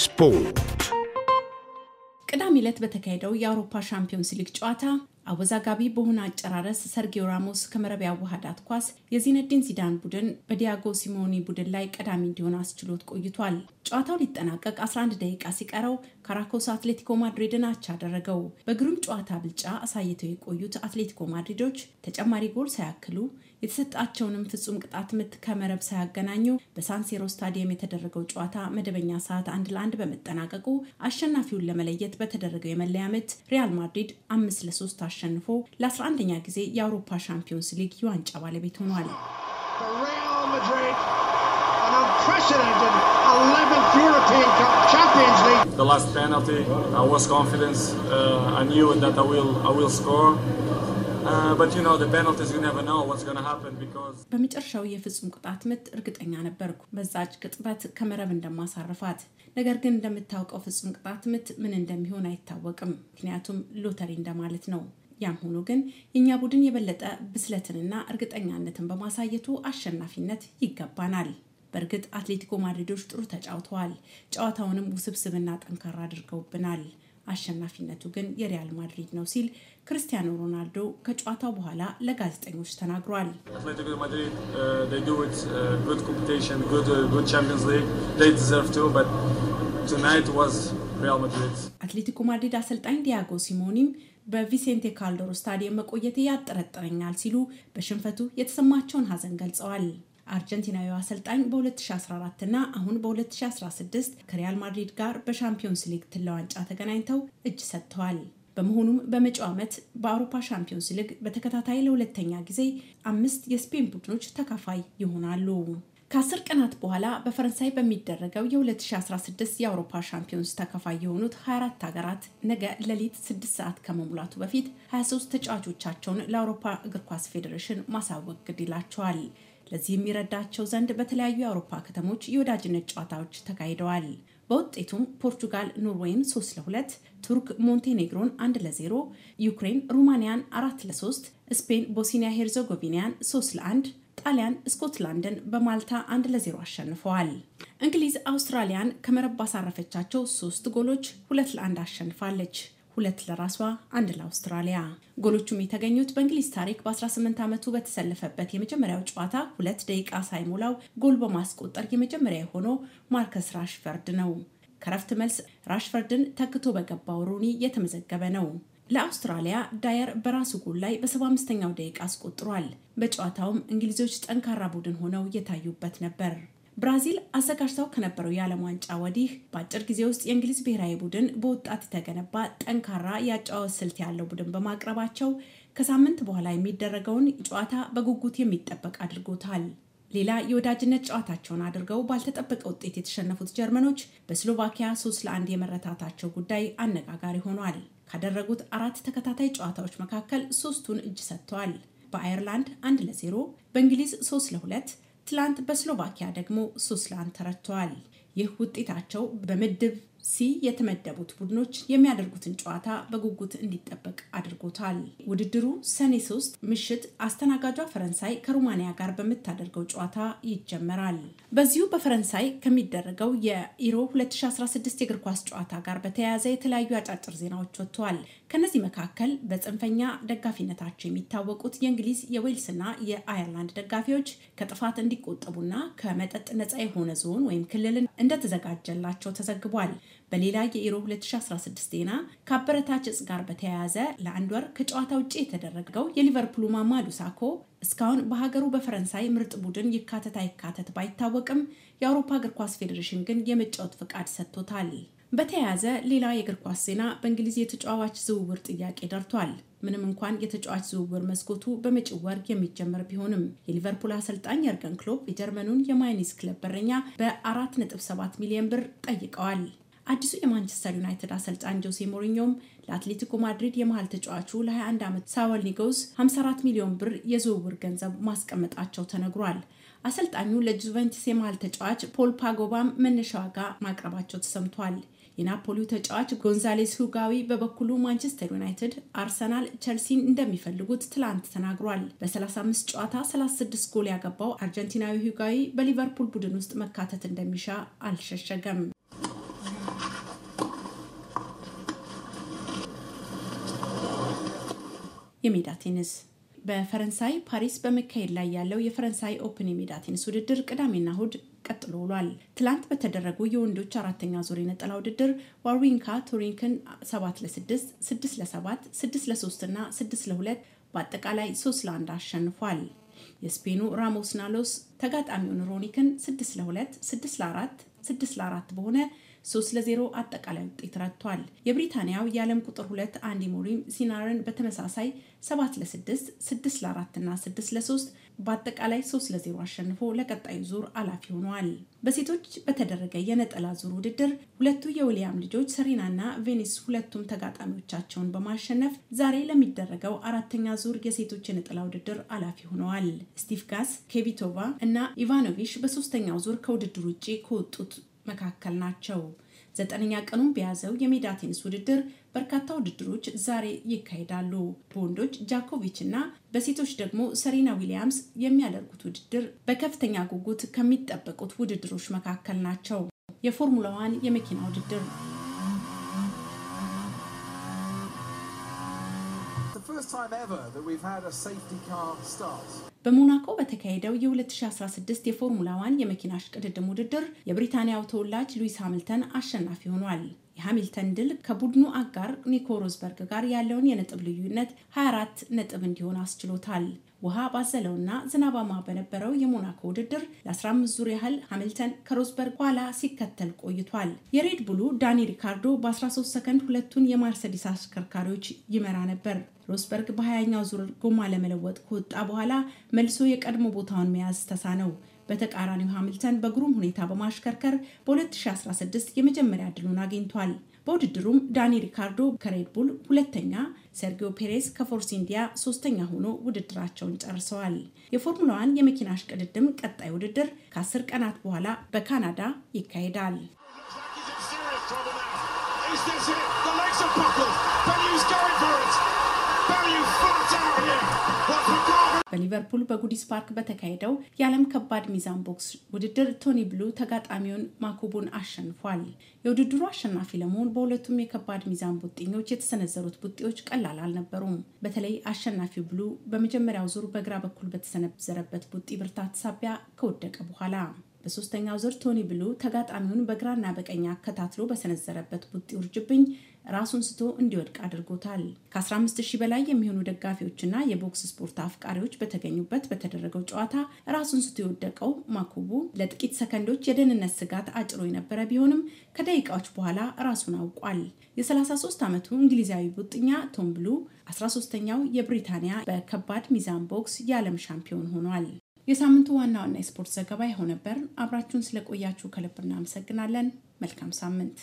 ስፖርት ቅዳሜ ዕለት በተካሄደው የአውሮፓ ሻምፒዮንስ ሊግ ጨዋታ አወዛጋቢ በሆነ አጨራረስ ሰርጌው ራሞስ ከመረብ ያዋሃዳት ኳስ የዚነዲን ዚዳን ቡድን በዲያጎ ሲሞኒ ቡድን ላይ ቀዳሚ እንዲሆን አስችሎት ቆይቷል። ጨዋታው ሊጠናቀቅ 11 ደቂቃ ሲቀረው ካራኮስ አትሌቲኮ ማድሪድን አቻ አደረገው። በግሩም ጨዋታ ብልጫ አሳይተው የቆዩት አትሌቲኮ ማድሪዶች ተጨማሪ ጎል ሳያክሉ የተሰጣቸውንም ፍጹም ቅጣት ምት ከመረብ ሳያገናኙ በሳንሴሮ ስታዲየም የተደረገው ጨዋታ መደበኛ ሰዓት አንድ ለአንድ በመጠናቀቁ አሸናፊውን ለመለየት በተደረገው የመለያ ምት ሪያል ማድሪድ አምስት ለሶስት አሸንፎ ለ11ኛ ጊዜ የአውሮፓ ሻምፒዮንስ ሊግ የዋንጫ ባለቤት ሆኗል። The last penalty, I was confident. Uh, I knew that I will, I will score. Uh, በመጨረሻው የፍጹም ቅጣት ምት እርግጠኛ ነበርኩ በዛች ቅጽበት ከመረብ እንደማሳርፋት። ነገር ግን እንደምታውቀው ፍጹም ቅጣት ምት ምን እንደሚሆን አይታወቅም፣ ምክንያቱም ሎተሪ እንደማለት ነው። ያም ሆኖ ግን የእኛ ቡድን የበለጠ ብስለትንና እርግጠኛነትን በማሳየቱ አሸናፊነት ይገባናል። በእርግጥ አትሌቲኮ ማድሪዶች ጥሩ ተጫውተዋል። ጨዋታውንም ውስብስብና ጠንካራ አድርገውብናል። አሸናፊነቱ ግን የሪያል ማድሪድ ነው ሲል ክርስቲያኖ ሮናልዶ ከጨዋታው በኋላ ለጋዜጠኞች ተናግሯል። አትሌቲኮ ማድሪድ አሰልጣኝ ዲያጎ ሲሞኒም በቪሴንቴ ካልዶሮ ስታዲየም መቆየት ያጠረጥረኛል ሲሉ በሽንፈቱ የተሰማቸውን ሀዘን ገልጸዋል። አርጀንቲናዊው አሰልጣኝ በ2014 እና አሁን በ2016 ከሪያል ማድሪድ ጋር በሻምፒዮንስ ሊግ ዋንጫ ተገናኝተው እጅ ሰጥተዋል። በመሆኑም በመጪው ዓመት በአውሮፓ ሻምፒዮንስ ሊግ በተከታታይ ለሁለተኛ ጊዜ አምስት የስፔን ቡድኖች ተካፋይ ይሆናሉ። ከአስር ቀናት በኋላ በፈረንሳይ በሚደረገው የ2016 የአውሮፓ ሻምፒዮንስ ተካፋይ የሆኑት 24 ሀገራት ነገ ሌሊት 6 ሰዓት ከመሙላቱ በፊት 23 ተጫዋቾቻቸውን ለአውሮፓ እግር ኳስ ፌዴሬሽን ማሳወቅ ግድ ይላቸዋል። ለዚህ የሚረዳቸው ዘንድ በተለያዩ የአውሮፓ ከተሞች የወዳጅነት ጨዋታዎች ተካሂደዋል። በውጤቱም ፖርቱጋል ኖርዌይን 3 ለ2፣ ቱርክ ሞንቴኔግሮን 1 ለ0፣ ዩክሬን ሩማንያን 4 ለ3፣ ስፔን ቦስኒያ ሄርዘጎቪኒያን 3 ለ1፣ ጣሊያን ስኮትላንድን በማልታ 1 ለ0 አሸንፈዋል። እንግሊዝ አውስትራሊያን ከመረብ ባሳረፈቻቸው ሶስት ጎሎች 2 ለ1 አሸንፋለች። ሁለት ለራሷ አንድ ለአውስትራሊያ። ጎሎቹም የተገኙት በእንግሊዝ ታሪክ በ18 ዓመቱ በተሰለፈበት የመጀመሪያው ጨዋታ ሁለት ደቂቃ ሳይሞላው ጎል በማስቆጠር የመጀመሪያ የሆነው ማርከስ ራሽፈርድ ነው። ከረፍት መልስ ራሽፈርድን ተክቶ በገባው ሩኒ የተመዘገበ ነው። ለአውስትራሊያ ዳየር በራሱ ጎል ላይ በ75ኛው ደቂቃ አስቆጥሯል። በጨዋታውም እንግሊዞች ጠንካራ ቡድን ሆነው የታዩበት ነበር። ብራዚል አዘጋጅታው ከነበረው የዓለም ዋንጫ ወዲህ በአጭር ጊዜ ውስጥ የእንግሊዝ ብሔራዊ ቡድን በወጣት የተገነባ ጠንካራ የአጨዋወት ስልት ያለው ቡድን በማቅረባቸው ከሳምንት በኋላ የሚደረገውን ጨዋታ በጉጉት የሚጠበቅ አድርጎታል። ሌላ የወዳጅነት ጨዋታቸውን አድርገው ባልተጠበቀ ውጤት የተሸነፉት ጀርመኖች በስሎቫኪያ ሶስት ለአንድ የመረታታቸው ጉዳይ አነጋጋሪ ሆኗል። ካደረጉት አራት ተከታታይ ጨዋታዎች መካከል ሶስቱን እጅ ሰጥተዋል። በአየርላንድ አንድ ለዜሮ፣ በእንግሊዝ ሶስት ለሁለት፣ ትላንት በስሎቫኪያ ደግሞ ለአንድ ተረትተዋል። ይህ ውጤታቸው በምድብ ሲ የተመደቡት ቡድኖች የሚያደርጉትን ጨዋታ በጉጉት እንዲጠበቅ አድርጎታል። ውድድሩ ሰኔ ሶስት ምሽት አስተናጋጇ ፈረንሳይ ከሩማንያ ጋር በምታደርገው ጨዋታ ይጀመራል። በዚሁ በፈረንሳይ ከሚደረገው የኢሮ 2016 የእግር ኳስ ጨዋታ ጋር በተያያዘ የተለያዩ አጫጭር ዜናዎች ወጥተዋል። ከነዚህ መካከል በጽንፈኛ ደጋፊነታቸው የሚታወቁት የእንግሊዝ የዌልስና የአየርላንድ ደጋፊዎች ከጥፋት እንዲቆጠቡና ከመጠጥ ነፃ የሆነ ዞን ወይም ክልልን እንደተዘጋጀላቸው ተዘግቧል። በሌላ የኢሮ 2016 ዜና ከአበረታች እጽ ጋር በተያያዘ ለአንድ ወር ከጨዋታ ውጭ የተደረገው የሊቨርፑሉ ማማዱ ሳኮ እስካሁን በሀገሩ በፈረንሳይ ምርጥ ቡድን ይካተት አይካተት ባይታወቅም የአውሮፓ እግር ኳስ ፌዴሬሽን ግን የመጫወት ፍቃድ ሰጥቶታል። በተያያዘ ሌላ የእግር ኳስ ዜና በእንግሊዝ የተጫዋች ዝውውር ጥያቄ ደርቷል። ምንም እንኳን የተጫዋች ዝውውር መስኮቱ በመጪው ወር የሚጀመር ቢሆንም የሊቨርፑል አሰልጣኝ የርገን ክሎፕ የጀርመኑን የማይኒስ ክለብ በረኛ በ4.7 ሚሊዮን ብር ጠይቀዋል። አዲሱ የማንቸስተር ዩናይትድ አሰልጣኝ ጆሴ ሞሪኞም ለአትሌቲኮ ማድሪድ የመሃል ተጫዋቹ ለ21 ዓመት ሳወል ኒጎዝ 54 ሚሊዮን ብር የዝውውር ገንዘብ ማስቀመጣቸው ተነግሯል። አሰልጣኙ ለጁቨንቲስ የመሃል ተጫዋች ፖል ፓጎባም መነሻ ዋጋ ማቅረባቸው ተሰምቷል። የናፖሊው ተጫዋች ጎንዛሌስ ሁጋዊ በበኩሉ ማንቸስተር ዩናይትድ፣ አርሰናል፣ ቸልሲን እንደሚፈልጉት ትላንት ተናግሯል። በ35 ጨዋታ 36 ጎል ያገባው አርጀንቲናዊ ሁጋዊ በሊቨርፑል ቡድን ውስጥ መካተት እንደሚሻ አልሸሸገም። የሜዳ ቴኒስ በፈረንሳይ ፓሪስ በመካሄድ ላይ ያለው የፈረንሳይ ኦፕን የሜዳ ቴኒስ ውድድር ቅዳሜና እሁድ ቀጥሎ ውሏል። ትላንት በተደረጉ የወንዶች አራተኛ ዙር የነጠላ ውድድር ዋሪንካ ቱሪንክን 7 ለ6፣ 6 ለ7፣ 6 ለ3 እና 6 ለ2 በአጠቃላይ 3 ለ1 አሸንፏል። የስፔኑ ራሞስ ናሎስ ተጋጣሚውን ሮኒክን 6 ለ2፣ 6 ለ4፣ 6 ለ4 በሆነ ሶስት ለዜሮ አጠቃላይ ውጤት ረትቷል። የብሪታንያው የዓለም ቁጥር ሁለት አንዲ ሙሪም ሲናርን በተመሳሳይ ሰባት ለስድስት ስድስት ለአራት እና ስድስት ለሶስት በአጠቃላይ ሶስት ለዜሮ አሸንፎ ለቀጣዩ ዙር አላፊ ሆኗል። በሴቶች በተደረገ የነጠላ ዙር ውድድር ሁለቱ የዊሊያም ልጆች ሰሪና ና ቬኒስ ሁለቱም ተጋጣሚዎቻቸውን በማሸነፍ ዛሬ ለሚደረገው አራተኛ ዙር የሴቶች የነጠላ ውድድር አላፊ ሆነዋል። ስቲቭ ጋስ፣ ኬቪቶቫ እና ኢቫኖቪች በሶስተኛው ዙር ከውድድር ውጭ ከወጡት መካከል ናቸው። ዘጠነኛ ቀኑን በያዘው የሜዳ ቴኒስ ውድድር በርካታ ውድድሮች ዛሬ ይካሄዳሉ። በወንዶች ጃኮቪች እና በሴቶች ደግሞ ሰሪና ዊሊያምስ የሚያደርጉት ውድድር በከፍተኛ ጉጉት ከሚጠበቁት ውድድሮች መካከል ናቸው። የፎርሙላ ዋን የመኪና ውድድር በሞናኮ በተካሄደው የ2016 የፎርሙላ ዋን የመኪና ሽቅድድም ውድድር የብሪታንያው ተወላጅ ሉዊስ ሃሚልተን አሸናፊ ሆኗል። የሃሚልተን ድል ከቡድኑ አጋር ኒኮ ሮዝበርግ ጋር ያለውን የነጥብ ልዩነት 24 ነጥብ እንዲሆን አስችሎታል። ውሃ ባዘለውና ዝናባማ በነበረው የሞናኮ ውድድር ለ15 ዙር ያህል ሃሚልተን ከሮዝበርግ ኋላ ሲከተል ቆይቷል። የሬድ ቡሉ ዳኒ ሪካርዶ በ13 ሰከንድ ሁለቱን የማርሰዲስ አሽከርካሪዎች ይመራ ነበር። ሮስበርግ በ20ኛው ዙር ጎማ ለመለወጥ ከወጣ በኋላ መልሶ የቀድሞ ቦታውን መያዝ ተሳነው። በተቃራኒው ሃሚልተን በግሩም ሁኔታ በማሽከርከር በ2016 የመጀመሪያ ድሉን አግኝቷል። በውድድሩም ዳኒ ሪካርዶ ከሬድቡል ሁለተኛ፣ ሴርጊዮ ፔሬስ ከፎርስ ኢንዲያ ሶስተኛ ሆኖ ውድድራቸውን ጨርሰዋል። የፎርሙላ ዋን የመኪና ሽቅድድም ቀጣይ ውድድር ከአስር ቀናት በኋላ በካናዳ ይካሄዳል። you flat out here. በሊቨርፑል በጉዲስ ፓርክ በተካሄደው የዓለም ከባድ ሚዛን ቦክስ ውድድር ቶኒ ብሉ ተጋጣሚውን ማኩቡን አሸንፏል። የውድድሩ አሸናፊ ለመሆን በሁለቱም የከባድ ሚዛን ቡጢኞች የተሰነዘሩት ቡጢዎች ቀላል አልነበሩም። በተለይ አሸናፊው ብሉ በመጀመሪያው ዙር በግራ በኩል በተሰነዘረበት ቡጢ ብርታት ሳቢያ ከወደቀ በኋላ በሶስተኛው ዙር ቶኒ ብሉ ተጋጣሚውን በግራና በቀኝ አከታትሎ በሰነዘረበት ቡጢ ውርጅብኝ ራሱን ስቶ እንዲወድቅ አድርጎታል። ከ15 ሺህ በላይ የሚሆኑ ደጋፊዎችና የቦክስ ስፖርት አፍቃሪዎች በተገኙበት በተደረገው ጨዋታ ራሱን ስቶ የወደቀው ማኩቡ ለጥቂት ሰከንዶች የደህንነት ስጋት አጭሮ የነበረ ቢሆንም ከደቂቃዎች በኋላ ራሱን አውቋል። የ33 ዓመቱ እንግሊዛዊ ቡጥኛ ቶም ብሉ 13ኛው የብሪታንያ በከባድ ሚዛን ቦክስ የዓለም ሻምፒዮን ሆኗል። የሳምንቱ ዋና ዋና የስፖርት ዘገባ ይኸው ነበር። አብራችሁን ስለቆያችሁ ከልብ እናመሰግናለን። መልካም ሳምንት።